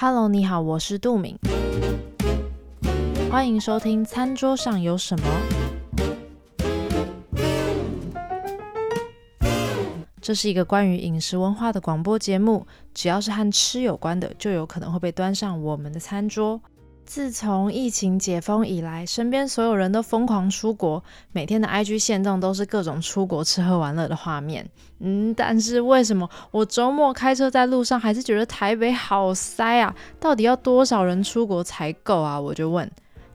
Hello，你好，我是杜敏。歡迎收聽《餐桌上有什麼》。這是一個關於飲食文化的廣播節目，只要是和吃有關的，就有可能會被端上我們的餐桌。自從疫情解封以來，身邊所有人都瘋狂出國，每天的 IG 限動都是各種出國吃喝玩樂的畫面。嗯，但是為什麼我周末開車在路上還是覺得台北好塞啊？到底要多少人出國才夠啊？我就問。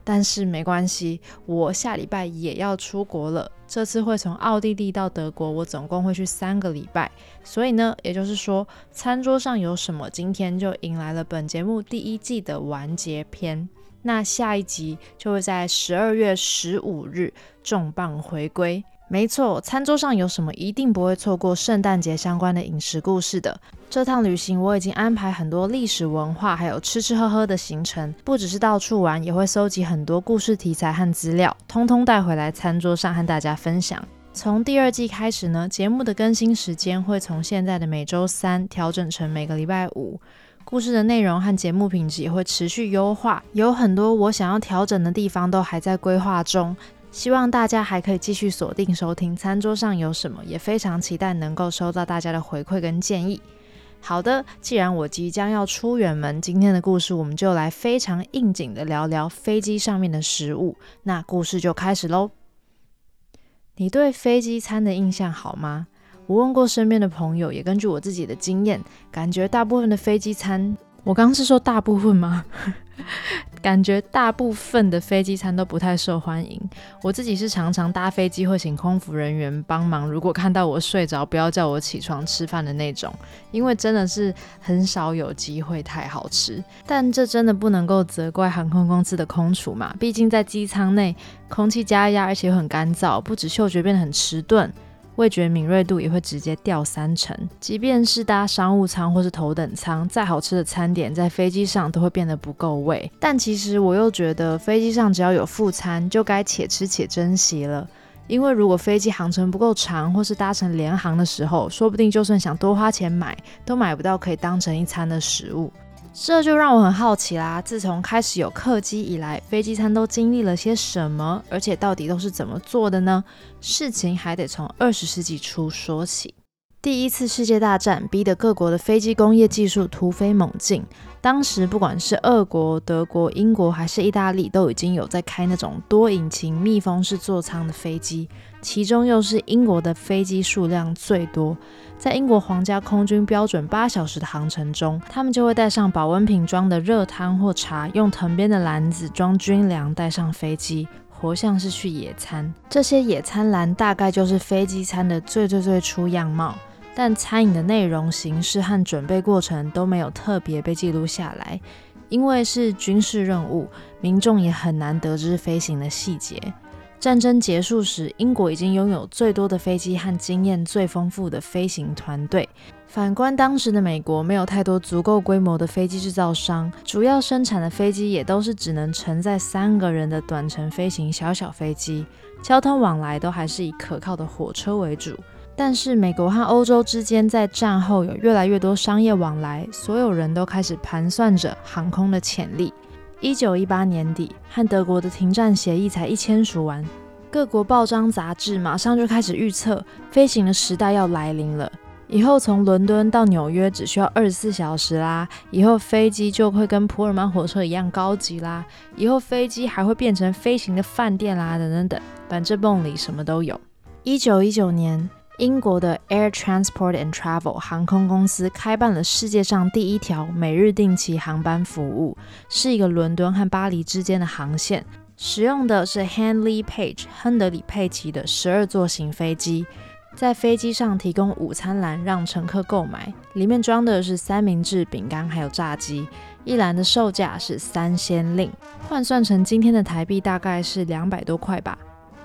但是沒關係，我下禮拜也要出國了。這次會從奧地利到德國，我總共會去三個禮拜。所以呢，也就是說，餐桌上有什麼，今天就迎來了本節目第一季的完結篇。那下一集就會在十二月十五日重磅回歸。沒錯，餐桌上有什麼一定不會錯過聖誕節相關的飲食故事的。這趟旅行我已經安排很多歷史文化還有吃吃喝喝的行程，不只是到處玩，也會收集很多故事題材和資料，通通帶回來餐桌上和大家分享。從第二季開始呢，節目的更新時間會從現在的每周三調整成每個禮拜五，故事的內容和節目品質也會持續優化，有很多我想要調整的地方都還在規劃中。希望大家還可以繼續鎖定收聽《餐桌上有什麼》，也非常期待能夠收到大家的回饋跟建議。好的，既然我即將要出遠門，今天的故事我們就來非常應景的聊聊飛機上面的食物。那故事就開始嘍。你對飛機餐的印象好嗎？我問過身邊的朋友，也根據我自己的經驗，感覺大部分的飛機餐……我剛剛是說大部分嗎？ 感覺大部分的飛機餐都不太受歡迎。我自己是常常搭飛機會請空服人員幫忙，如果看到我睡着，不要叫我起床吃飯的那種，因為真的是很少有機會太好吃。但這真的不能夠責怪航空公司的空廚嘛？畢竟在機艙內空氣加壓，而且又很乾燥，不止嗅覺變得很遲鈍。味覺敏銳度也會直接掉三成，即便是搭商務艙或是頭等艙，再好吃的餐點在飛機上都會變得不夠味。但其實我又覺得，飛機上只要有副餐，就該且吃且珍惜了，因為如果飛機航程不夠長，或是搭乘聯航的時候，說不定就算想多花錢買，都買不到可以當成一餐的食物。這就讓我很好奇啦！自從開始有客機以來，飛機餐都經歷了些什麼？而且到底都是怎麼做的呢？事情還得從二十世紀初說起。第一次世界大戰逼得各國的飛機工業技術突飛猛進，當時不管是俄國、德國、英國還是意大利，都已經有在開那種多引擎密封式座艙的飛機，其中又是英國的飛機數量最多。在英國皇家空軍標準八小時的航程中，他們就會帶上保溫瓶裝的熱湯或茶，用藤編的籃子裝軍糧帶上飛機，活像是去野餐。這些野餐籃大概就是飛機餐的最最最初樣貌，但餐飲的內容、形式和準備過程都沒有特別被記錄下來，因為是軍事任務，民眾也很難得知飛行的細節。戰爭結束時，英國已經擁有最多的飛機和經驗最豐富的飛行團隊。反觀當時的美國，沒有太多足夠規模的飛機製造商，主要生產的飛機也都是只能承載三個人的短程飛行小小飛機，交通往來都還是以可靠的火車為主。但是，美國和歐洲之間在戰後有越來越多商業往來，所有人都開始盤算着航空的潛力。一九一八年底，和德國的停戰協議才一簽署完，各國報章雜誌馬上就開始預測飛行的時代要來臨了。以後從倫敦到紐約只需要二十四小時啦！以後飛機就會跟普爾曼火車一樣高級啦！以後飛機還會變成飛行的飯店啦，等等等等，反正夢裡什麼都有。一九一九年。英國的 Air Transport and Travel 航空公司開辦了世界上第一條每日定期航班服務，是一個倫敦和巴黎之間的航線，使用的是 Handley Page 亨德裡佩奇的十二座型飛機，在飛機上提供午餐籃讓乘客購買，裡面裝的是三明治、餅乾還有炸雞，一籃的售價是三先令，換算成今天的台幣大概是兩百多塊吧。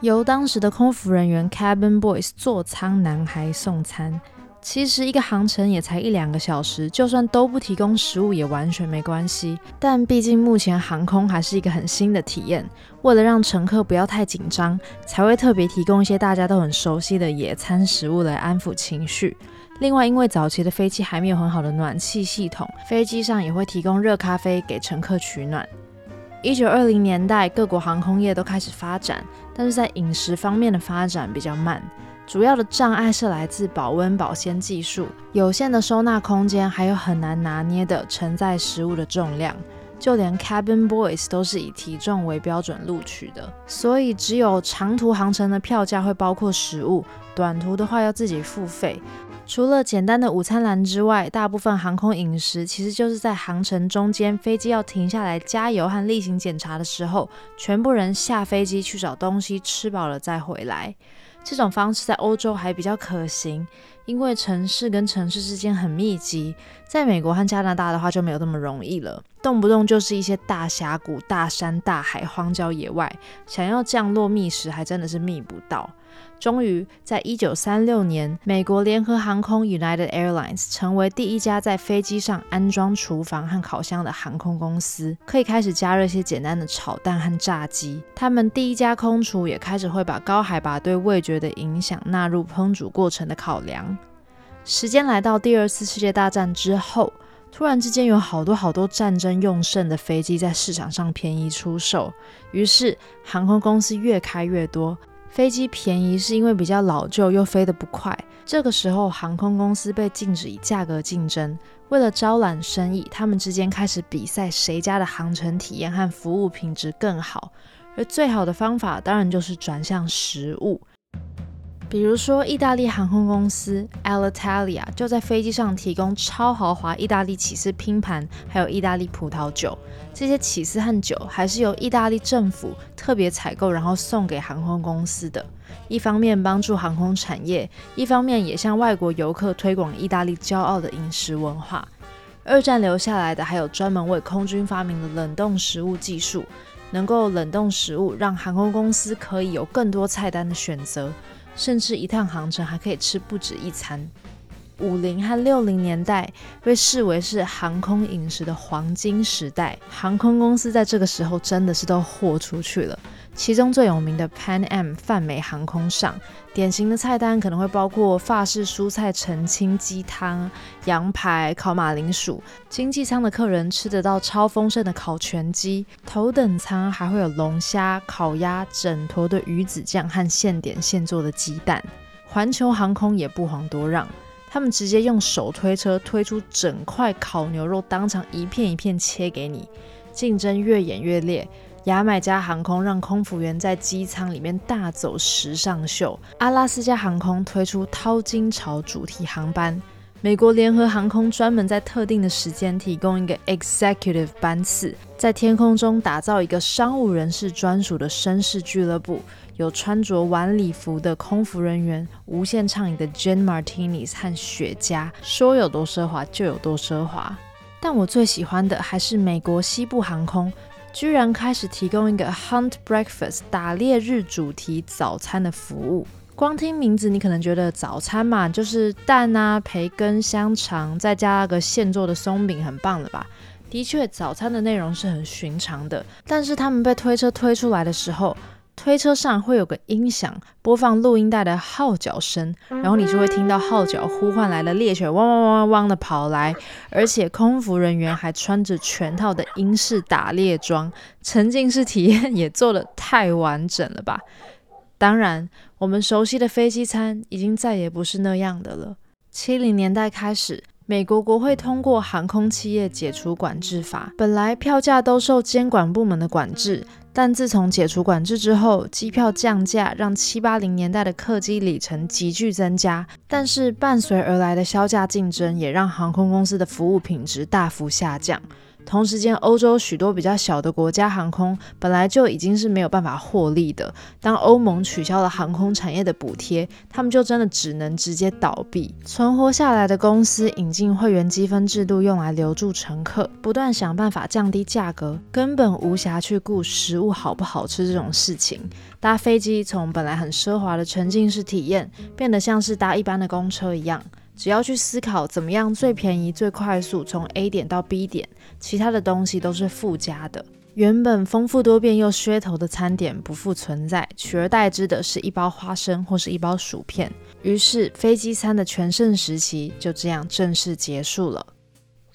由當時的空服人員 Cabin Boys 座艙男孩送餐。其實一個航程也才一兩個小時，就算都不提供食物也完全沒關係。但畢竟目前航空還是一個很新的體驗，為了讓乘客不要太緊張，才會特別提供一些大家都很熟悉的野餐食物來安撫情緒。另外，因為早期的飛機還沒有很好的暖氣系統，飛機上也會提供熱咖啡給乘客取暖。一九二零年代，各國航空業都開始發展，但是在飲食方面的發展比較慢。主要的障礙是來自保溫保鮮技術、有限的收納空間，還有很難拿捏的承載食物的重量。就連 Cabin Boys 都是以體重為標準錄取的，所以只有長途航程的票價會包括食物，短途的話要自己付費。除了簡單的午餐籃之外，大部分航空飲食其實就是在航程中間，飛機要停下來加油和例行檢查的時候，全部人下飛機去找東西吃飽了再回來。這種方式在歐洲還比較可行，因為城市跟城市之間很密集。在美國和加拿大的話就沒有那麼容易了，動不動就是一些大峽谷、大山、大海、荒郊野外，想要降落覓食還真的是覓不到。終於在一九三六年，美國聯合航空 United Airlines 成為第一家在飛機上安裝廚房和烤箱的航空公司，可以開始加熱一些簡單的炒蛋和炸雞。他們第一家空廚也開始會把高海拔對味覺的影響納入烹煮過程的考量。時間來到第二次世界大戰之後，突然之間有好多好多戰爭用剩的飛機在市場上便宜出售，於是航空公司越開越多。飛機便宜是因為比較老舊又飛得不快。這個時候，航空公司被禁止以價格競爭。為了招攬生意，他們之間開始比賽誰家的航程體驗和服務品質更好。而最好的方法當然就是轉向食物。比如說，意大利航空公司 Alitalia 就在飛機上提供超豪華意大利起司拼盤，還有意大利葡萄酒。這些起司和酒還是由意大利政府特別採購，然後送給航空公司的。一方面幫助航空產業，一方面也向外國遊客推廣意大利驕傲的飲食文化。二戰留下來的還有專門為空軍發明的冷凍食物技術，能夠冷凍食物，讓航空公司可以有更多菜單的選擇。甚至一趟航程還可以吃不止一餐。五零和六零年代被視為是航空飲食的黃金時代，航空公司在這個時候真的是都豁出去了。其中最有名的 Pan Am 泛美航空上，典型的菜單可能會包括法式蔬菜澄清雞湯、羊排、烤馬鈴薯。經濟艙的客人吃得到超豐盛的烤全雞，頭等艙還會有龍蝦、烤鴨、整坨的魚子醬和現點現做的雞蛋。環球航空也不遑多讓，他們直接用手推車推出整塊烤牛肉，當場一片一片切給你。競爭越演越烈。牙買加航空讓空服員在機艙裡面大走時尚秀，阿拉斯加航空推出淘金潮主題航班，美國聯合航空專門在特定的時間提供一個 Executive 班次，在天空中打造一個商務人士專屬的紳士俱樂部，有穿着晚禮服的空服人員，無限暢飲的 Gin Martinis 和雪茄，說有多奢華就有多奢華。但我最喜歡的還是美國西部航空。居然開始提供一個 Hunt Breakfast 打獵日主題早餐的服務。光聽名字，你可能覺得早餐嘛，就是蛋啊、培根、香腸，再加一個現做的鬆餅，很棒了吧？的確，早餐的內容是很尋常的。但是他們被推車推出來的時候，推車上會有個音響播放錄音帶的號角聲，然後你就會聽到號角呼喚來的獵犬汪汪汪汪汪的跑來，而且空服人員還穿着全套的英式打獵裝，沉浸式體驗也做得太完整了吧？當然，我們熟悉的飛機餐已經再也不是那樣的了。七零年代開始，美國國會通過《航空企業解除管制法》，本來票價都受監管部門的管制。但自從解除管制之後，機票降價讓七八零年代的客機里程急劇增加，但是伴隨而來的削價競爭也讓航空公司的服務品質大幅下降。同時間，歐洲許多比較小的國家航空本來就已經是沒有辦法獲利的，當歐盟取消了航空產業的補貼，他們就真的只能直接倒閉。存活下來的公司引進會員積分制度用來留住乘客，不斷想辦法降低價格，根本無暇去顧食物好不好吃這種事情。搭飛機從本來很奢華的沉浸式體驗，變得像是搭一般的公車一樣。只要去思考怎麼樣最便宜、最快速從 A 點到 B 點，其他的東西都是附加的。原本豐富多變又噱頭的餐點不復存在，取而代之的是一包花生或是一包薯片。於是，飛機餐的全盛時期就這樣正式結束了。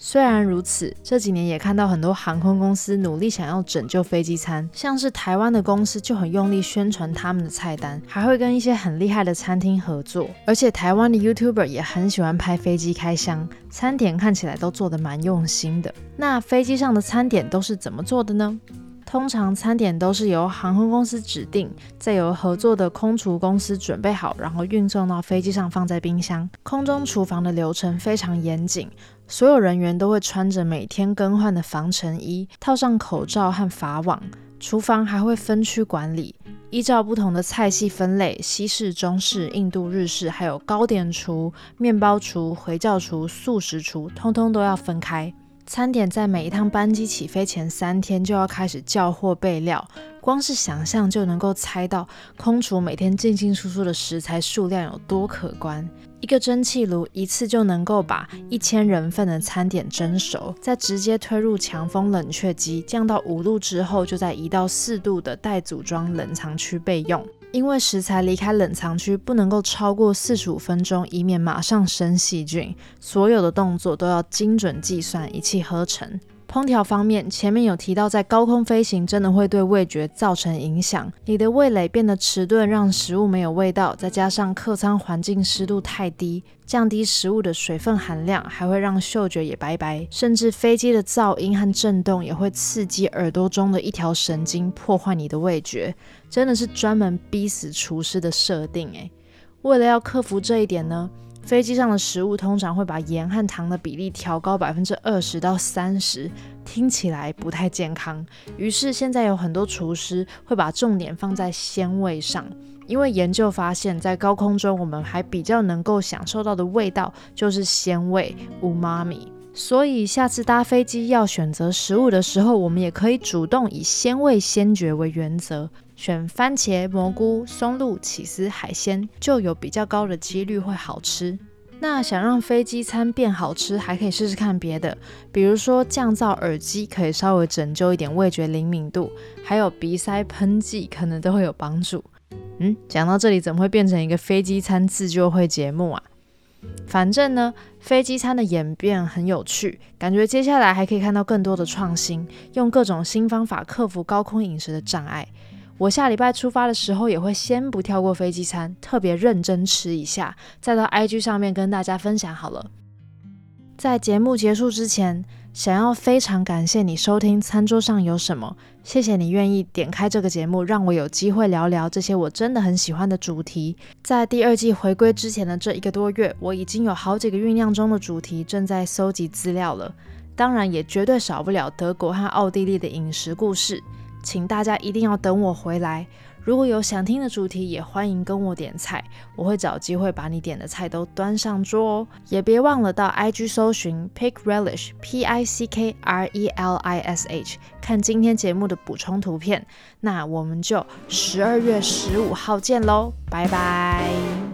雖然如此，這幾年也看到很多航空公司努力想要拯救飛機餐，像是台灣的公司就很用力宣傳他們的菜單，還會跟一些很厲害的餐廳合作。而且台灣的 YouTuber 也很喜歡拍飛機開箱，餐點看起來都做得蠻用心的。那飛機上的餐點都是怎麼做的呢？通常餐點都是由航空公司指定，再由合作的空廚公司準備好，然後運送到飛機上放在冰箱。空中廚房的流程非常嚴謹。所有人員都會穿着每天更換的防塵衣，套上口罩和髮網。廚房還會分區管理，依照不同的菜系分類：西式、中式、印度、日式，還有糕點廚、麵包廚、回教廚、素食廚，通通都要分開。餐點在每一趟班機起飛前三天就要開始叫貨備料，光是想象就能夠猜到空廚每天進進出出的食材數量有多可觀。一個蒸汽爐一次就能夠把一千人份的餐點蒸熟，再直接推入強風冷卻機降到五度之後，就在一到四度的待組裝冷藏區備用。因為食材離開冷藏區不能夠超過四十五分鐘，以免馬上生細菌。所有的動作都要精準計算，一氣呵成。空調方面，前面有提到，在高空飛行真的會對味覺造成影響，你的味蕾變得遲鈍，讓食物沒有味道。再加上客艙環境濕度太低，降低食物的水分含量，還會讓嗅覺也拜拜。甚至飛機的噪音和震動也會刺激耳朵中的一條神經，破壞你的味覺，真的是專門逼死廚師的設定誒！為了要克服這一點呢？飛機上的食物通常會把鹽和糖的比例調高百分之二十到三十，聽起來不太健康。於是現在有很多廚師會把重點放在鮮味上，因為研究發現，在高空中我們還比較能夠享受到的味道就是鮮味 （umami）。所以下次搭飛機要選擇食物的時候，我們也可以主動以鮮味先決為原則。選番茄、蘑菇、松露、起司、海鮮，就有比較高的幾率會好吃。那想讓飛機餐變好吃，還可以試試看別的，比如說降噪耳機可以稍微拯救一點味覺靈敏度，還有鼻塞噴劑可能都會有幫助。嗯，講到這裡，怎麼會變成一個飛機餐自救會節目啊？反正呢，飛機餐的演變很有趣，感覺接下來還可以看到更多的創新，用各種新方法克服高空飲食的障礙。我下禮拜出發的時候也會先不跳過飛機餐，特別認真吃一下，再到 IG 上面跟大家分享好了。在節目結束之前，想要非常感謝你收聽《餐桌上有什麼》，謝謝你願意點開這個節目，讓我有機會聊聊這些我真的很喜歡的主題。在第二季回歸之前的這一個多月，我已經有好幾個醞釀中的主題正在搜集資料了，當然也絕對少不了德國和奧地利的飲食故事。請大家一定要等我回來。如果有想聽的主題，也歡迎跟我點菜，我會找機會把你點的菜都端上桌哦。也別忘了到 IG 搜尋 Pick Relish P-I-C-K-R-E-L-I-S-H 看今天節目的補充圖片。那我們就十二月十五號見嘍，拜拜。